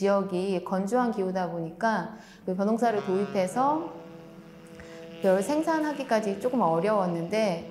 지역이 건조한 기후다 보니까 그 벼농사를 도입해서 별 생산하기까지 조금 어려웠는데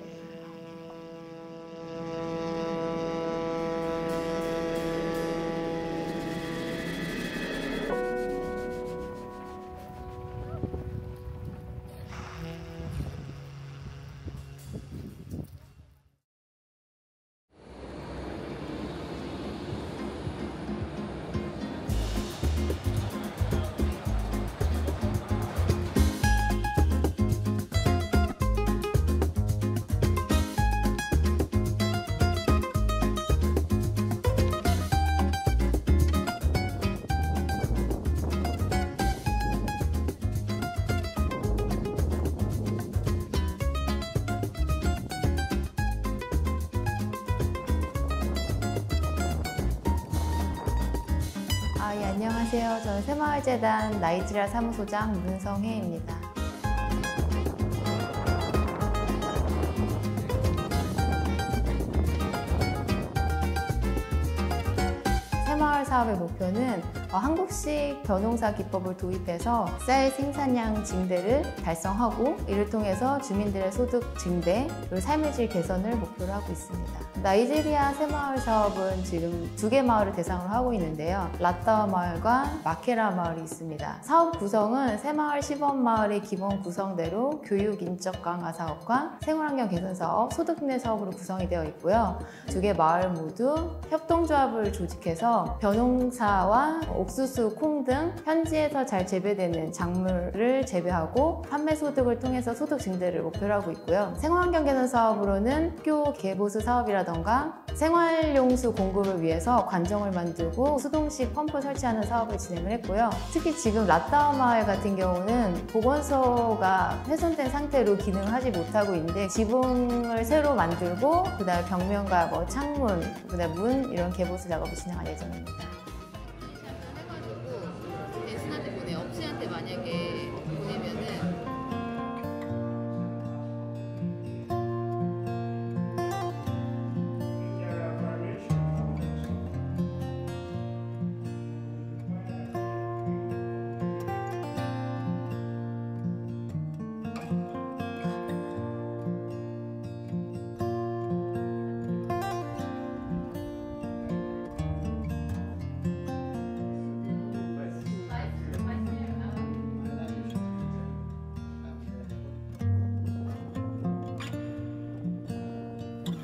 안녕하세요. 저는 새마을재단 나이지리아 사무소장 문성혜입니다. 새마을 사업의 목표는 어, 한국식 벼농사 기법을 도입해서 쌀 생산량 증대를 달성하고 이를 통해서 주민들의 소득 증대 그리고 삶의 질 개선을 목표로 하고 있습니다. 나이지리아 새마을 사업은 지금 두 개 마을을 대상으로 하고 있는데요. 라따와 마을과 마케라 마을이 있습니다. 사업 구성은 새마을 시범 마을의 기본 구성대로 교육 인적 강화 사업과 생활환경 개선 사업, 소득 내 사업으로 구성이 되어 있고요. 두 개 마을 모두 협동조합을 조직해서 변농사와 옥수수, 콩 등 현지에서 잘 재배되는 작물을 재배하고 판매 소득을 통해서 소득 증대를 목표로 하고 있고요. 생활환경 개선 사업으로는 학교 개보수 사업이라던가 생활용수 공급을 위해서 관정을 만들고 수동식 펌프 설치하는 사업을 진행을 했고요. 특히 지금 라따오 마을 같은 경우는 보건소가 훼손된 상태로 기능하지 을 못하고 있는데 지붕을 새로 만들고 그다음에 벽면과 뭐 창문, 그다음문 이런 개보수 작업을 진행할 예정입니다.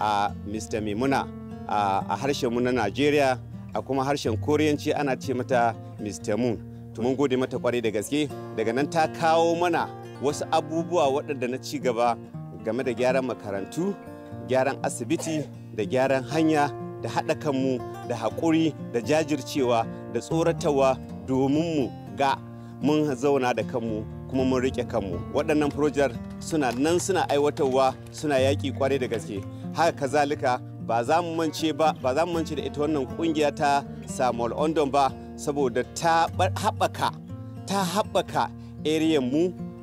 a mr Mimuna a harshen mu na najeriya a kuma harshen koriyanci ana ce mata mr moon mun gode mata kwarai da gaske daga nan ta kawo mana wasu abubuwa waɗanda na ci gaba game da gyaran makarantu gyaran asibiti da gyaran hanya da haɗa kanmu da haƙuri da jajircewa da tsoratawa domin mu ga mun zauna da kanmu kuma mun riƙe kanmu waɗannan furojar suna nan suna aiwatarwa suna yaƙi kwarai da gaske haka kazalika ba za mu mance ba ba za mu mance da ita wannan kungiya ta Samuel Ondon ba saboda ta haɓaka ta haɓaka area mu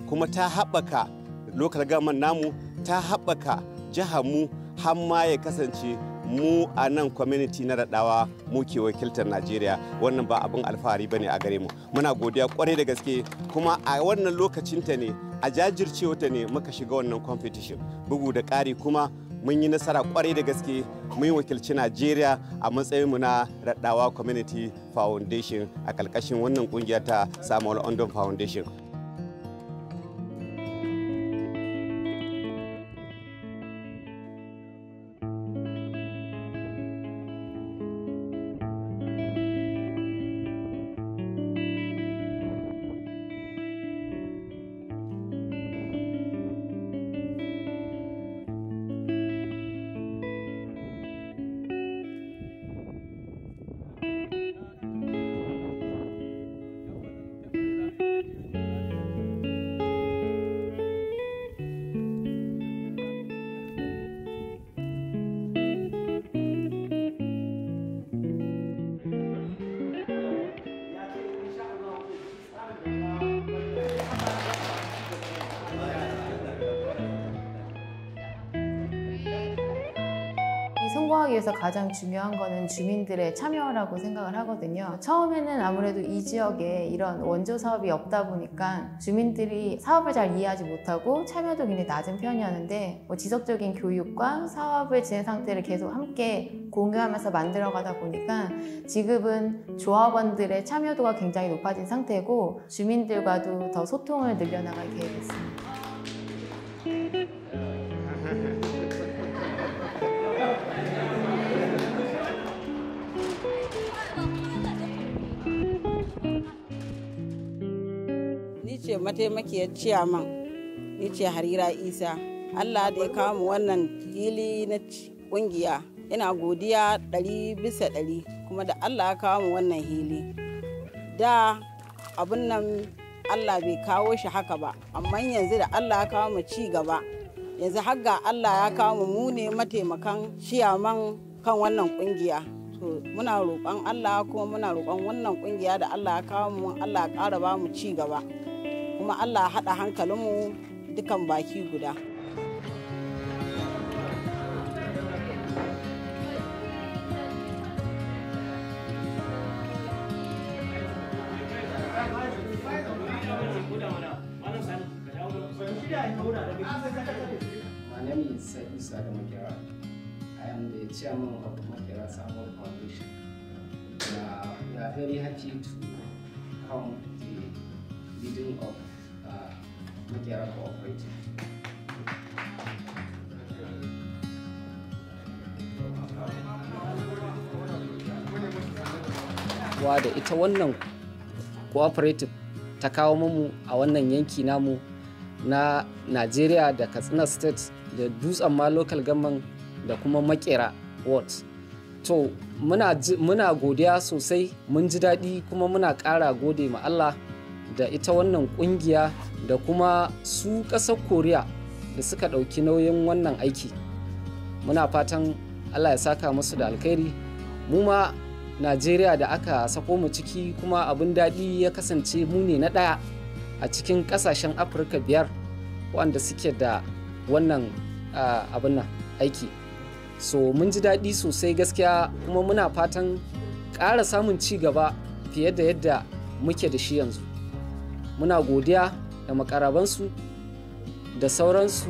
kuma ta haɓaka local government namu ta haɓaka jihar mu har ma ya kasance mu a nan community na radawa mu wakiltar najeriya wannan ba abin alfahari bane a gare mu muna godiya kwarai da gaske kuma a wannan lokacinta ne a jajircewa ta ne muka shiga wannan competition bugu da ƙari kuma mun yi nasara kwarai da gaske mun yi wakilci najeriya a matsayin mu na raddawa community foundation a ƙarƙashin wannan kungiyar ta samuel ondon foundation 홍보하기 위해서 가장 중요한 거는 주민들의 참여라고 생각을 하거든요. 처음에는 아무래도 이 지역에 이런 원조 사업이 없다 보니까 주민들이 사업을 잘 이해하지 못하고 참여도 굉장히 낮은 편이었는데 뭐 지속적인 교육과 사업을 진행 상태를 계속 함께 공유하면서 만들어가다 보니까 지금은 조합원들의 참여도가 굉장히 높아진 상태고 주민들과도 더 소통을 늘려나갈 계획이 있습니다. ce mataimakiyar ciyaman ya ce harira isa allah da ya kawo mu wannan fili na kungiya ina godiya ɗari bisa ɗari kuma da allah ya kawo mu wannan hili da abin nan allah bai kawo shi haka ba amma yanzu da allah ya kawo mu ci gaba yanzu hagga allah ya kawo mu mune ne mataimakan ciyaman kan wannan kungiya to muna roƙon Allah kuma muna roƙon wannan kungiya da Allah ya kawo mu Allah ya ƙara ba mu ci gaba. kuma allah haɗa hankalinmu dukan baki guda My name is Isa Makera. I am the chairman of Makera Sample Foundation. We are, we are very happy to come to the leading of Together Wa da ita wannan cooperative ta kawo mu a wannan yanki namu na Najeriya da Katsina State da Dutsen ma local government da kuma makera ward. To muna godiya sosai mun ji daɗi kuma muna ƙara gode ma Allah. da ita wannan kungiya da kuma su ƙasar koriya da suka ɗauki nauyin wannan aiki muna fatan allah ya saka musu da alkhairi mu ma najeriya da aka sako mu ciki kuma abin daɗi ya kasance mu ne na ɗaya a cikin ƙasashen afirka biyar wanda suke da wannan abin aiki so mun ji daɗi sosai gaskiya kuma muna fatan ƙara samun ci gaba fiye da yadda muke da shi yanzu muna godiya da makarabansu da sauransu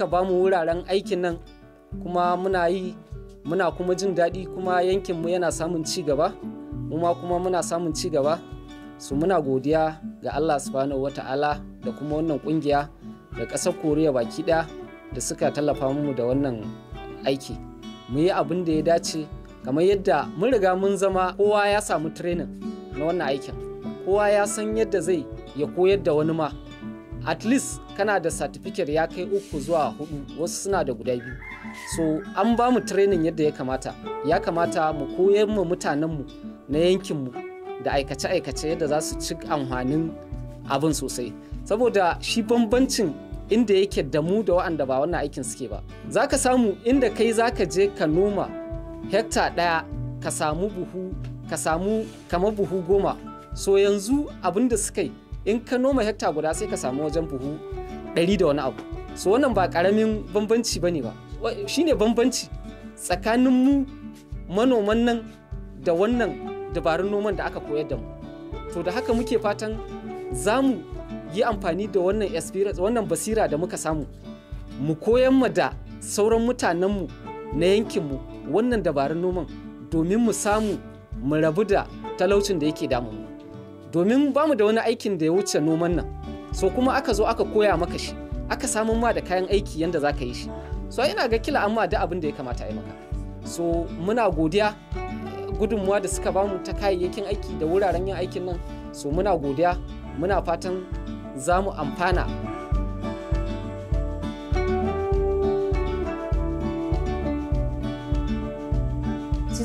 suka ba mu wuraren aikin nan kuma muna yi muna kuma jin daɗi kuma yankinmu yana samun ci gaba kuma kuma muna samun ci gaba su muna godiya ga Allah subhanahu wata'ala da kuma wannan kungiya da ƙasar koriya baki ɗaya da suka tallafa mu da wannan aiki mu yi abin da ya dace kamar yadda mun riga mun zama kowa ya samu training na wannan aikin kowa ya san yadda zai ya koyar da wani ma at least kana da certificate ya kai uku zuwa hudu wasu suna da guda biyu so an ba mu training yadda ya kamata ya kamata mu koyar mu mutanenmu na yankinmu da aikace-aikace yadda za su ci amfanin abin sosai saboda shi bambancin inda yake da mu da wa'anda ba wannan aikin suke ba za ka samu inda kai za ka je ka noma hekta ɗaya ka samu buhu ka samu kamar buhu goma so yanzu abin da suka yi in ka noma hekta guda sai ka samu wajen buhu ɗari da wani abu so wannan ba ƙaramin bambanci ba ne ba Shi ne bambanci tsakanin mu manoman nan da wannan dabarun noman da aka koyar da mu to da haka muke fatan za mu yi amfani da wannan experience wannan basira da muka samu mu koyan mu da sauran mutanenmu na yankinmu wannan dabarun noman domin mu samu mu rabu da talaucin da yake damu domin ba mu da wani aikin da ya wuce noman nan so kuma aka zo aka koya maka shi aka samun ma da kayan aiki yanda za ka yi shi so ina ga kila amma da abin da ya kamata a maka so muna godiya gudunmuwa da suka bamu ta kayayyakin aiki da wuraren yin aikin nan so muna godiya muna fatan za mu amfana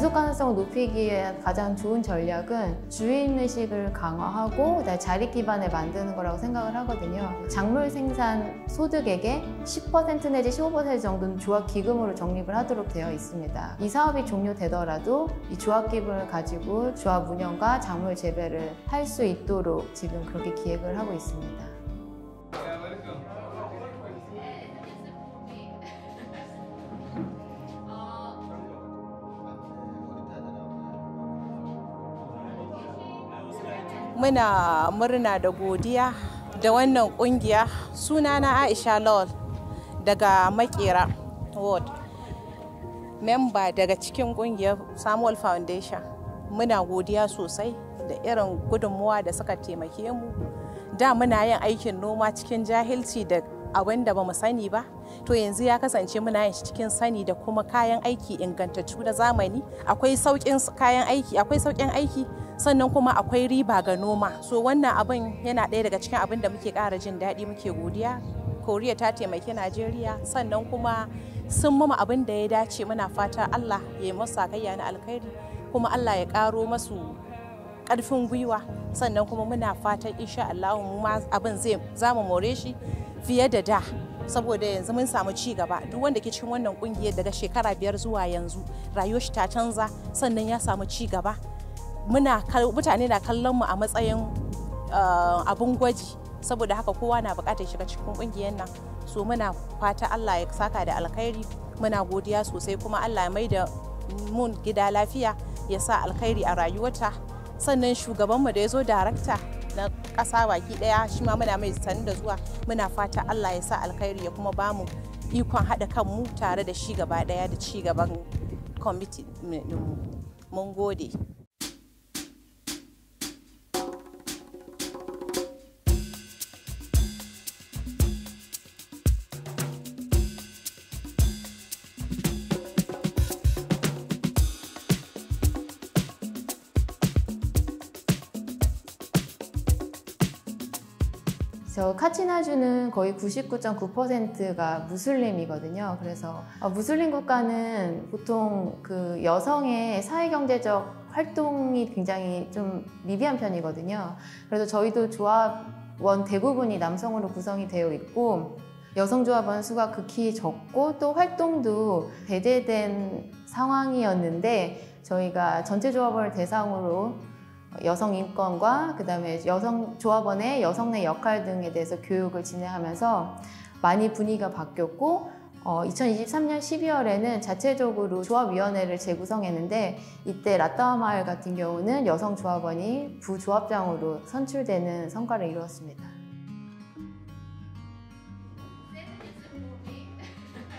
지속 가능성을 높이기 위한 가장 좋은 전략은 주인의식을 강화하고 자립 기반을 만드는 거라고 생각을 하거든요. 작물 생산 소득액의 10% 내지 15% 정도는 조합기금으로 적립을 하도록 되어 있습니다. 이 사업이 종료되더라도 이 조합기금을 가지고 조합 운영과 작물 재배를 할 수 있도록 지금 그렇게 기획을 하고 있습니다. muna murna da godiya da wannan kungiya sunana aisha lawal daga makera ward memba daga cikin kungiyar samuel foundation muna godiya sosai da irin gudunmuwa da suka taimake mu da muna yin aikin noma cikin jahilci da abin da ba mu sani ba to yanzu ya kasance muna yin cikin sani da kuma kayan aiki ingantattu na zamani akwai saukin kayan aiki akwai sauƙin aiki sannan kuma akwai riba ga noma so wannan abin yana ɗaya daga cikin abin da muke ƙara jin daɗi muke godiya koriya ta taimaki najeriya sannan kuma sun mama abin da ya dace muna fata allah ya yi masu kayya na alkhairi kuma allah ya ƙaro masu ƙarfin gwiwa sannan kuma muna fatan insha allah mu ma abin zai za mu more shi fiye da da saboda yanzu mun samu ci gaba duk wanda ke cikin wannan kungiyar daga shekara biyar zuwa yanzu rayuwar shi ta canza sannan ya samu ci gaba muna mutane na kallon mu a matsayin eh, abun gwaji saboda haka kowa na bukatar shiga cikin kungiyar nan so muna fata Allah ya saka da alkhairi muna godiya sosai kuma Allah ya mai da mun gida lafiya ya sa alkhairi a rayuwata sannan shugaban mu da ya zo darakta na ƙasa baki ɗaya shi ma muna mai sani da zuwa muna fata Allah ya sa alkhairi ya kuma bamu ikon haɗa kanmu tare da shi gaba ɗaya da ci gaban kwamiti mm, mm, mun gode. 카치나주는 거의 99.9%가 무슬림이거든요. 그래서 어, 무슬림 국가는 보통 그 여성의 사회경제적 활동이 굉장히 좀 미비한 편이거든요. 그래서 저희도 조합원 대부분이 남성으로 구성이 되어 있고 여성조합원 수가 극히 적고 또 활동도 배제된 상황이었는데 저희가 전체 조합원을 대상으로 여성 인권과 그다음에 여성 조합원의 여성 내 역할 등에 대해서 교육을 진행하면서 많이 분위기가 바뀌었고 어, 2023년 12월에는 자체적으로 조합위원회를 재구성했는데 이때 라따마을 같은 경우는 여성 조합원이 부조합장으로 선출되는 성과를 이루었습니다.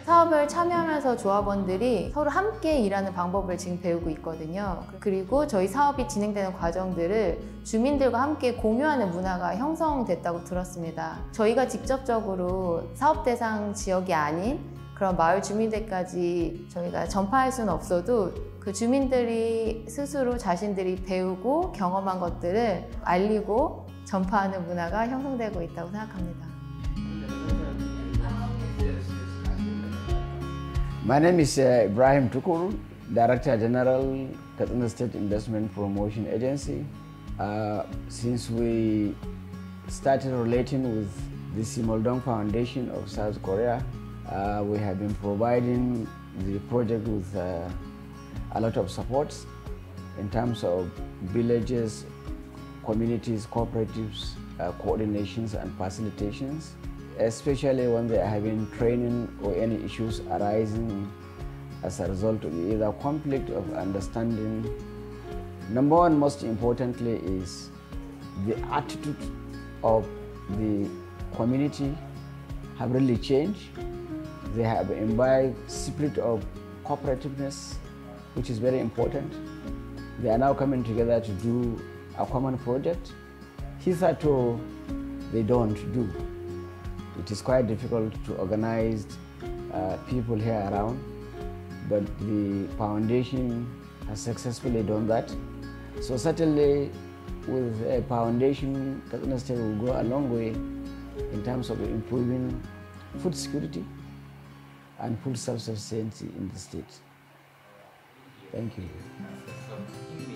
사업을 참여하면서 조합원들이 서로 함께 일하는 방법을 지금 배우고 있거든요. 그리고 저희 사업이 진행되는 과정들을 주민들과 함께 공유하는 문화가 형성됐다고 들었습니다. 저희가 직접적으로 사업 대상 지역이 아닌 그런 마을 주민들까지 저희가 전파할 수는 없어도 그 주민들이 스스로 자신들이 배우고 경험한 것들을 알리고 전파하는 문화가 형성되고 있다고 생각합니다. My name is uh, Ibrahim Tukur, Director General, Katsina State Investment Promotion Agency. Uh, since we started relating with the Simoldong Foundation of South Korea, uh, we have been providing the project with uh, a lot of supports in terms of villages, communities, cooperatives, uh, coordinations and facilitations especially when they are having training or any issues arising as a result of either conflict of understanding. Number one, most importantly, is the attitude of the community have really changed. They have imbibed spirit of cooperativeness, which is very important. They are now coming together to do a common project. Hitherto, they don't do. It is quite difficult to organize uh, people here around, but the foundation has successfully done that. So certainly with a foundation, Katsina State will go a long way in terms of improving food security and food self-sufficiency in the state. Thank you.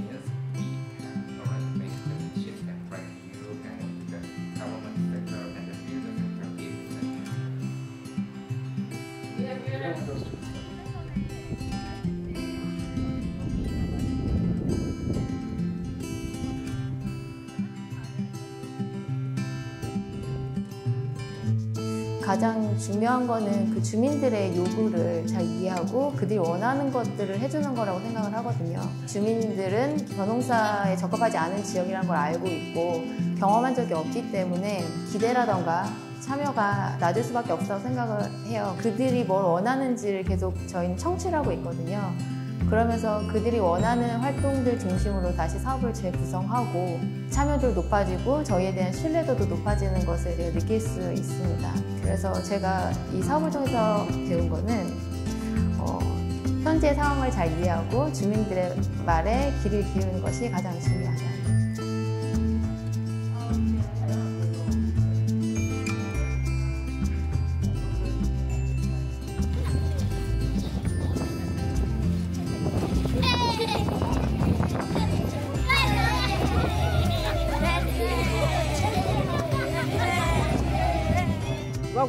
가장 중요한 거는 그 주민들의 요구를 잘 이해하고 그들이 원하는 것들을 해주는 거라고 생각을 하거든요. 주민들은 변홍사에 적합하지 않은 지역이라는 걸 알고 있고 경험한 적이 없기 때문에 기대라던가 참여가 낮을 수밖에 없다고 생각을 해요. 그들이 뭘 원하는지를 계속 저희는 청취를 하고 있거든요. 그러면서 그들이 원하는 활동들 중심으로 다시 사업을 재구성하고 참여도 높아지고 저희에 대한 신뢰도도 높아지는 것을 느낄 수 있습니다. 그래서 제가 이 사업을 통해서 배운 거는 어, 현재 상황을 잘 이해하고 주민들의 말에 귀를 기울이는 것이 가장 중요하다.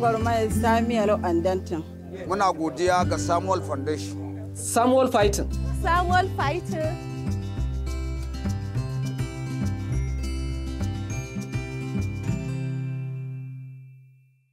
gwagwarmayar Samuel Andantin. Muna godiya ga Samuel Foundation. Samuel Fighting. Samuel Fighting.